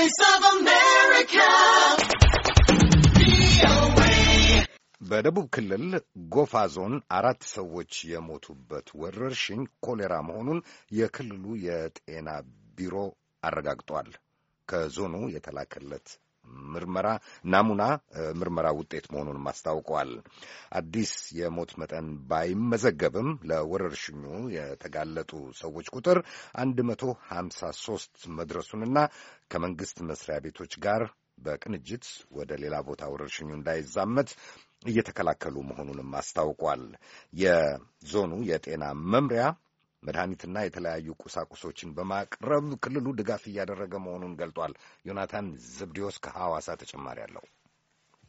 Voice of America. በደቡብ ክልል ጎፋ ዞን አራት ሰዎች የሞቱበት ወረርሽኝ ኮሌራ መሆኑን የክልሉ የጤና ቢሮ አረጋግጧል። ከዞኑ የተላከለት ምርመራ ናሙና ምርመራ ውጤት መሆኑንም አስታውቀዋል። አዲስ የሞት መጠን ባይመዘገብም ለወረርሽኙ የተጋለጡ ሰዎች ቁጥር 153 መድረሱንና ከመንግስት መስሪያ ቤቶች ጋር በቅንጅት ወደ ሌላ ቦታ ወረርሽኙ እንዳይዛመት እየተከላከሉ መሆኑንም አስታውቋል። የዞኑ የጤና መምሪያ መድኃኒትና የተለያዩ ቁሳቁሶችን በማቅረብ ክልሉ ድጋፍ እያደረገ መሆኑን ገልጧል። ዮናታን ዘብዲዮስ ከሐዋሳ ተጨማሪ አለው።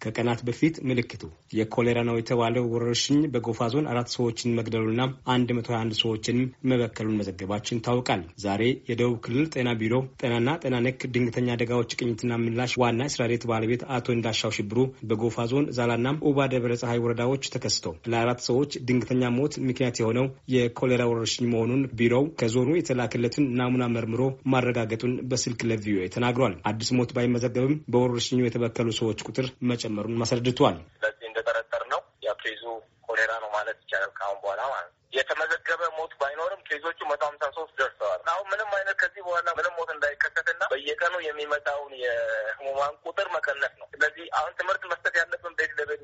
ከቀናት በፊት ምልክቱ የኮሌራ ነው የተባለው ወረርሽኝ በጎፋ ዞን አራት ሰዎችን መግደሉና 121 ሰዎችን መበከሉን መዘገባችን ይታወቃል። ዛሬ የደቡብ ክልል ጤና ቢሮ ጤናና ጤና ነክ ድንገተኛ አደጋዎች ቅኝትና ምላሽ ዋና ስራ ቤት ባለቤት አቶ እንዳሻው ሽብሩ በጎፋ ዞን ዛላና ኡባ ደብረ ፀሐይ ወረዳዎች ተከስተው ለአራት ሰዎች ድንገተኛ ሞት ምክንያት የሆነው የኮሌራ ወረርሽኝ መሆኑን ቢሮው ከዞኑ የተላከለትን ናሙና መርምሮ ማረጋገጡን በስልክ ለቪኦኤ ተናግሯል። አዲስ ሞት ባይመዘገብም በወረርሽኙ የተበከሉ ሰዎች ቁጥር መጨ መጨመሩን አስረድቷል። ስለዚህ እንደጠረጠር ነው የፕሬዙ ኬዙ ኮሌራ ነው ማለት ይቻላል ከአሁን በኋላ ማለት የተመዘገበ ሞት ባይኖርም ኬዞቹ መቶ ሀምሳ ሶስት ደርሰዋል። አሁን ምንም አይነት ከዚህ በኋላ ምንም ሞት እንዳይከሰትና በየቀኑ የሚመጣውን የህሙማን ቁጥር መቀነስ ነው። ስለዚህ አሁን ትምህርት መስጠት ያለብን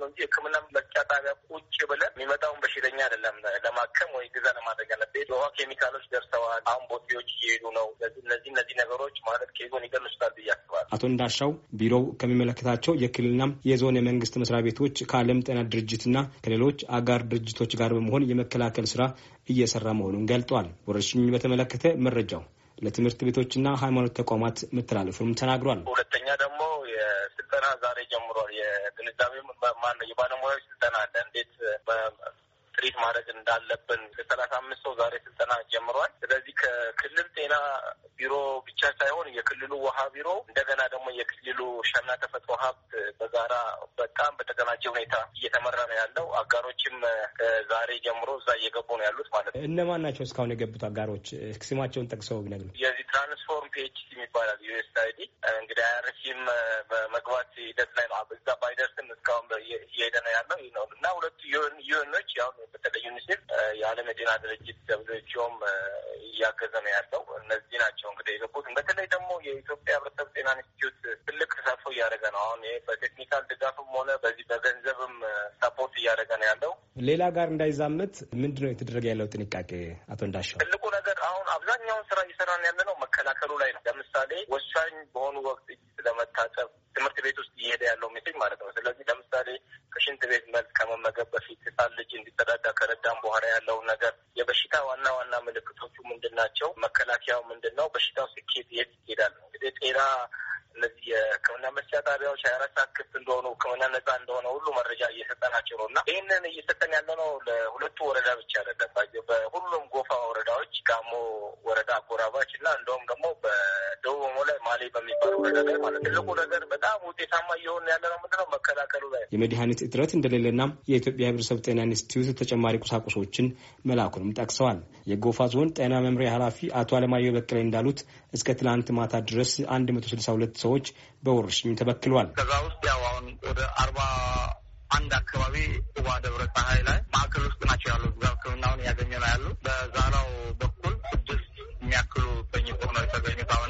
ነው እንጂ ሕክምና መስጫ ጣቢያ ቁጭ ብለን የሚመጣውን በሽተኛ አይደለም ለማከም ወይ ግዛ ለማድረግ ያለበት የውሃ ኬሚካሎች ደርሰዋል። አሁን ቦቴዎች እየሄዱ ነው። እነዚህ እነዚህ ነገሮች ማለት ከዞን ይቀንሱታል ብዬ አስባለሁ። አቶ እንዳሻው ቢሮው ከሚመለከታቸው የክልልና የዞን የመንግስት መስሪያ ቤቶች ከዓለም ጤና ድርጅትና ከሌሎች አጋር ድርጅቶች ጋር በመሆን የመከላከል ስራ እየሰራ መሆኑን ገልጧል። ወረርሽኙን በተመለከተ መረጃው ለትምህርት ቤቶችና ሃይማኖት ተቋማት መተላለፉንም ተናግሯል። ሁለተኛ ደግሞ የስልጠና ዛሬ ጀምሯል። ግንዛቤ የባለሙያዎች ስልጠና አለ። እንዴት ትሪት ማድረግ እንዳለብን ከሰላሳ አምስት ሰው ዛሬ ስልጠና ጀምሯል። ስለዚህ ከክልል ጤና ቢሮ ብቻ ሳይሆን የክልሉ ውሃ ቢሮ እንደገና ደግሞ እና ተፈጥሮ ሀብት በጋራ በጣም በተቀናጀ ሁኔታ እየተመራ ነው ያለው። አጋሮችም ዛሬ ጀምሮ እዛ እየገቡ ነው ያሉት ማለት ነው። እነማን ናቸው እስካሁን የገቡት አጋሮች? ስማቸውን ጠቅሰው ቢነግሩ። የዚህ ትራንስፎርም ፒኤች የሚባላል ዩኤስ አይዲ እንግዲህ አያርሲም በመግባት ሂደት ላይ ነው። እዛ ባይደርስም እስካሁን እየሄደ ነው ያለው ነው እና ሁለቱ ዩኖች አሁን በተለይ ዩኒሴፍ የዓለም የጤና ድርጅት ደብሊውኤችኦም እያገዘ ነው ያለው። እነዚህ ናቸው እንግዲህ የገቡት። በተለይ ደግሞ የኢትዮጵያ ህብረተሰብ ጤና ኢንስቲትዩት ትልቅ ተሳትፎ አስተዋጽኦ እያደረገ ነው። አሁን ይሄ በቴክኒካል ድጋፍም ሆነ በዚህ በገንዘብም ሰፖርት እያደረገ ነው ያለው። ሌላ ጋር እንዳይዛመት ምንድን ነው የተደረገ ያለው ጥንቃቄ? አቶ እንዳሻው፣ ትልቁ ነገር አሁን አብዛኛውን ስራ እየሰራን ያለ ነው መከላከሉ ላይ ነው። ለምሳሌ ወሳኝ በሆኑ ወቅት ስለመታጠብ ትምህርት ቤት ውስጥ እየሄደ ያለው ሜሴጅ ማለት ነው። ስለዚህ ለምሳሌ ከሽንት ቤት መልስ ከመመገብ በፊት ህጻን ልጅ እንዲጠዳዳ ከረዳም በኋላ ያለውን ነገር የበሽታ ዋና ዋና ምልክቶቹ ምንድን ናቸው፣ መከላከያው ምንድን ነው፣ በሽታው ስኬት የት ይሄዳል እንግዲህ ጤና እነዚህ የህክምና መስጫ ጣቢያዎች ሀያ አራት ሰዓት ክፍት እንደሆኑ ህክምና ነጻ እንደሆነ ሁሉ መረጃ እየሰጠናቸው ነው እና ይህንን እየሰጠን ያለ ነው ለሁለቱ ወረዳ ብቻ አይደለም። በሁሉም ጎፋ ወረዳዎች፣ ጋሞ ወረዳ አጎራባች እና እንደውም ደግሞ በ ነገር ላይ ማለት ትልቁ ነገር በጣም ውጤታማ እየሆነ ያለ ነው ምንድነው መከላከሉ ላይ የመድኃኒት እጥረት እንደሌለና የኢትዮጵያ ሕብረተሰብ ጤና ኢንስቲትዩት ተጨማሪ ቁሳቁሶችን መላኩንም ጠቅሰዋል። የጎፋ ዞን ጤና መምሪያ ኃላፊ አቶ አለማየሁ በቀለ እንዳሉት እስከ ትላንት ማታ ድረስ ሁለት ሰዎች በወረርሽኙ ተበክሏል። ከዛ ውስጥ ያው አሁን ወደ አርባ አንድ አካባቢ ውባ ደብረ ፀሐይ ላይ ማዕከል ውስጥ ናቸው ያሉ እዛ እያገኘ ነው ያሉ። በዛላው በኩል ስድስት የሚያክሉ ተኝቶ ነው የተገኙት አሁን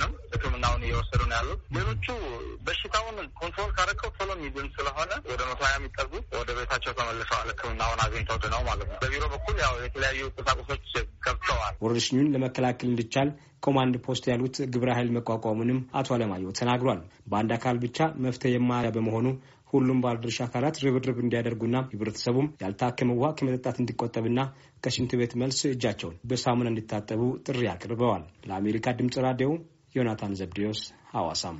በሽታውን ኮንትሮል ካረከው ቶሎ የሚድን ስለሆነ ወደ መቶ ሀያ የሚጠጉ ወደ ቤታቸው ተመልሰዋል። ሕክምናውን አግኝተው ድነው ማለት ነው። በቢሮ በኩል ያው የተለያዩ ቁሳቁሶች ገብተዋል። ወረርሽኙን ለመከላከል እንዲቻል ኮማንድ ፖስት ያሉት ግብረ ኃይል መቋቋሙንም አቶ አለማየሁ ተናግሯል። በአንድ አካል ብቻ መፍትሄ የማያ በመሆኑ ሁሉም ባለድርሻ አካላት ርብርብ እንዲያደርጉና ህብረተሰቡም ያልታከመ ውሃ ከመጠጣት እንዲቆጠብና ከሽንት ቤት መልስ እጃቸውን በሳሙና እንዲታጠቡ ጥሪ አቅርበዋል። ለአሜሪካ ድምጽ ራዲዮ ዮናታን ዘብዴዎስ ሐዋሳም